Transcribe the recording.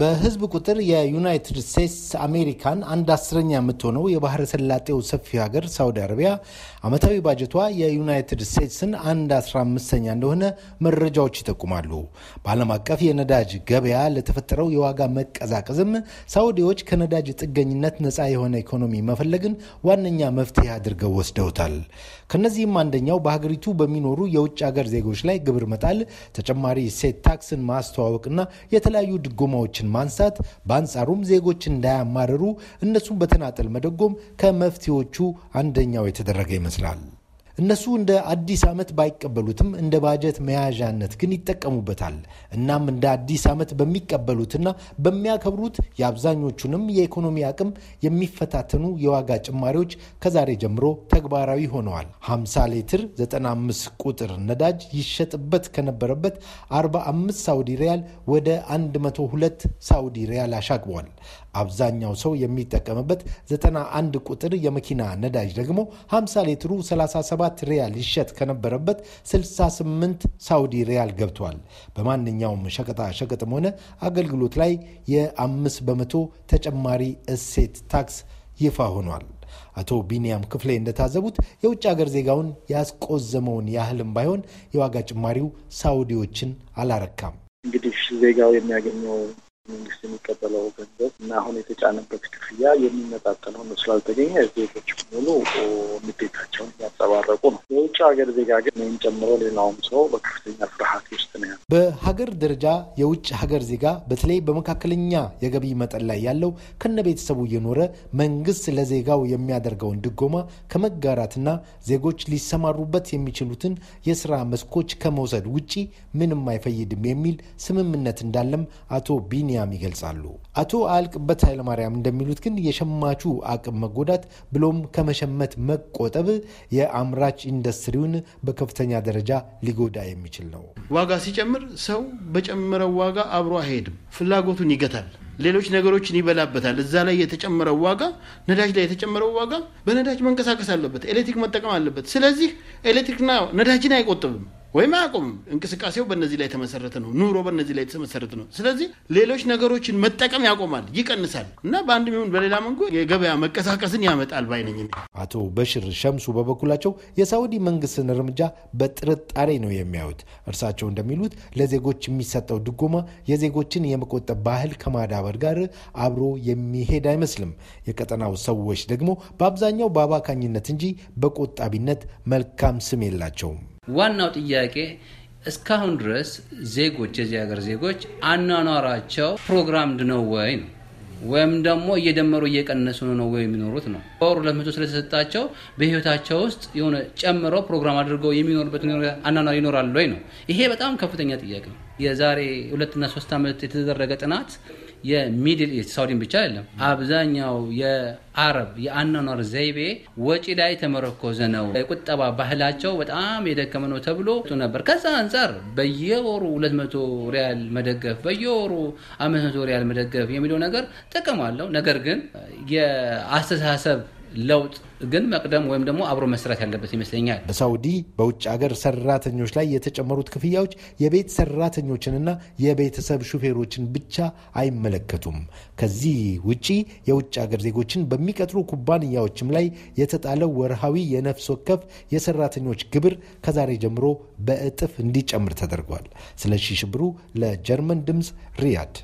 በህዝብ ቁጥር የዩናይትድ ስቴትስ አሜሪካን አንድ አስረኛ የምትሆነው የባህረ ሰላጤው ሰፊ ሀገር ሳውዲ አረቢያ ዓመታዊ ባጀቷ የዩናይትድ ስቴትስን አንድ አስራ አምስተኛ እንደሆነ መረጃዎች ይጠቁማሉ። በዓለም አቀፍ የነዳጅ ገበያ ለተፈጠረው የዋጋ መቀዛቀዝም ሳውዲዎች ከነዳጅ ጥገኝነት ነፃ የሆነ ኢኮኖሚ መፈለግን ዋነኛ መፍትሄ አድርገው ወስደውታል። ከነዚህም አንደኛው በሀገሪቱ በሚኖሩ የውጭ ሀገር ዜጎች ላይ ግብር መጣል፣ ተጨማሪ ሴት ታክስን ማስተዋወቅና የተለያዩ ድጎማዎች ጉዳዮችን ማንሳት፣ በአንጻሩም ዜጎች እንዳያማርሩ እነሱን በተናጠል መደጎም ከመፍትሄዎቹ አንደኛው የተደረገ ይመስላል። እነሱ እንደ አዲስ ዓመት ባይቀበሉትም እንደ ባጀት መያዣነት ግን ይጠቀሙበታል። እናም እንደ አዲስ ዓመት በሚቀበሉትና በሚያከብሩት የአብዛኞቹንም የኢኮኖሚ አቅም የሚፈታተኑ የዋጋ ጭማሪዎች ከዛሬ ጀምሮ ተግባራዊ ሆነዋል። 50 ሊትር 95 ቁጥር ነዳጅ ይሸጥበት ከነበረበት 45 ሳውዲ ሪያል ወደ 102 ሳውዲ ሪያል አሻቅቧል። አብዛኛው ሰው የሚጠቀምበት 91 ቁጥር የመኪና ነዳጅ ደግሞ 50 ሊትሩ 37 67 ሪያል ይሸጥ ከነበረበት 68 ሳውዲ ሪያል ገብቷል። በማንኛውም ሸቀጣ ሸቀጥም ሆነ አገልግሎት ላይ የ5 በመቶ ተጨማሪ እሴት ታክስ ይፋ ሆኗል። አቶ ቢንያም ክፍሌ እንደታዘቡት የውጭ ሀገር ዜጋውን ያስቆዘመውን ያህልም ባይሆን የዋጋ ጭማሪው ሳውዲዎችን አላረካም። እንግዲህ ዜጋው የሚያገኘው መንግስት የሚቀበለው ገንዘብ እና አሁን የተጫነበት ክፍያ የሚመጣጠን ሆኖ ስላልተገኘ ዜጎች ሙሉ ንዴታቸውን እያንጸባረቁ ነው። የውጭ ሀገር ዜጋ ግን ወይም ጨምሮ ሌላውም ሰው በክፍ በሀገር ደረጃ የውጭ ሀገር ዜጋ በተለይ በመካከለኛ የገቢ መጠን ላይ ያለው ከነ ቤተሰቡ እየኖረ መንግስት ለዜጋው የሚያደርገውን ድጎማ ከመጋራትና ዜጎች ሊሰማሩበት የሚችሉትን የስራ መስኮች ከመውሰድ ውጪ ምንም አይፈይድም የሚል ስምምነት እንዳለም አቶ ቢንያም ይገልጻሉ። አቶ አልቅበት ኃይለማርያም እንደሚሉት ግን የሸማቹ አቅም መጎዳት ብሎም ከመሸመት መቆጠብ የአምራች ኢንዱስትሪውን በከፍተኛ ደረጃ ሊጎዳ የሚችል ነው። ዋጋ ሲጨምር ነገር ሰው በጨመረው ዋጋ አብሮ አይሄድም፣ ፍላጎቱን ይገታል፣ ሌሎች ነገሮችን ይበላበታል። እዛ ላይ የተጨመረው ዋጋ ነዳጅ ላይ የተጨመረው ዋጋ በነዳጅ መንቀሳቀስ አለበት፣ ኤሌክትሪክ መጠቀም አለበት። ስለዚህ ኤሌክትሪክና ነዳጅን አይቆጥብም። ወይም አያቆምም። እንቅስቃሴው በእነዚህ ላይ የተመሰረተ ነው። ኑሮ በእነዚህ ላይ የተመሰረተ ነው። ስለዚህ ሌሎች ነገሮችን መጠቀም ያቆማል፣ ይቀንሳል እና በአንድ ሚሆን በሌላ መንጎ የገበያ መቀሳቀስን ያመጣል ባይነኝ። አቶ በሽር ሸምሱ በበኩላቸው የሳውዲ መንግስትን እርምጃ በጥርጣሬ ነው የሚያዩት። እርሳቸው እንደሚሉት ለዜጎች የሚሰጠው ድጎማ የዜጎችን የመቆጠብ ባህል ከማዳበር ጋር አብሮ የሚሄድ አይመስልም። የቀጠናው ሰዎች ደግሞ በአብዛኛው በአባካኝነት እንጂ በቆጣቢነት መልካም ስም የላቸውም። ዋናው ጥያቄ እስካሁን ድረስ ዜጎች የዚህ ሀገር ዜጎች አኗኗራቸው ፕሮግራምድ ነው ወይ ነው ወይም ደግሞ እየደመሩ እየቀነሱ ነው ወይ የሚኖሩት ነው። በወር ሁለት መቶ ስለተሰጣቸው በህይወታቸው ውስጥ የሆነ ጨምረው ፕሮግራም አድርገው የሚኖርበት አኗኗር ይኖራሉ ወይ ነው። ይሄ በጣም ከፍተኛ ጥያቄ ነው። የዛሬ ሁለትና ሶስት ዓመት የተደረገ ጥናት የሚድል ኢስት ሳውዲን ብቻ አይደለም፣ አብዛኛው የአረብ የአኗኗር ዘይቤ ወጪ ላይ ተመረኮዘ ነው። የቁጠባ ባህላቸው በጣም የደከመ ነው ተብሎ ነበር። ከዛ አንጻር በየወሩ 200 ሪያል መደገፍ፣ በየወሩ 500 ሪያል መደገፍ የሚለው ነገር ጥቅም አለው። ነገር ግን የአስተሳሰብ ለውጥ ግን መቅደም ወይም ደግሞ አብሮ መስራት ያለበት ይመስለኛል። በሳውዲ በውጭ ሀገር ሰራተኞች ላይ የተጨመሩት ክፍያዎች የቤት ሰራተኞችንና የቤተሰብ ሹፌሮችን ብቻ አይመለከቱም። ከዚህ ውጪ የውጭ ሀገር ዜጎችን በሚቀጥሩ ኩባንያዎችም ላይ የተጣለው ወርሃዊ የነፍስ ወከፍ የሰራተኞች ግብር ከዛሬ ጀምሮ በእጥፍ እንዲጨምር ተደርጓል። ስለሺ ሽብሩ ለጀርመን ድምፅ ሪያድ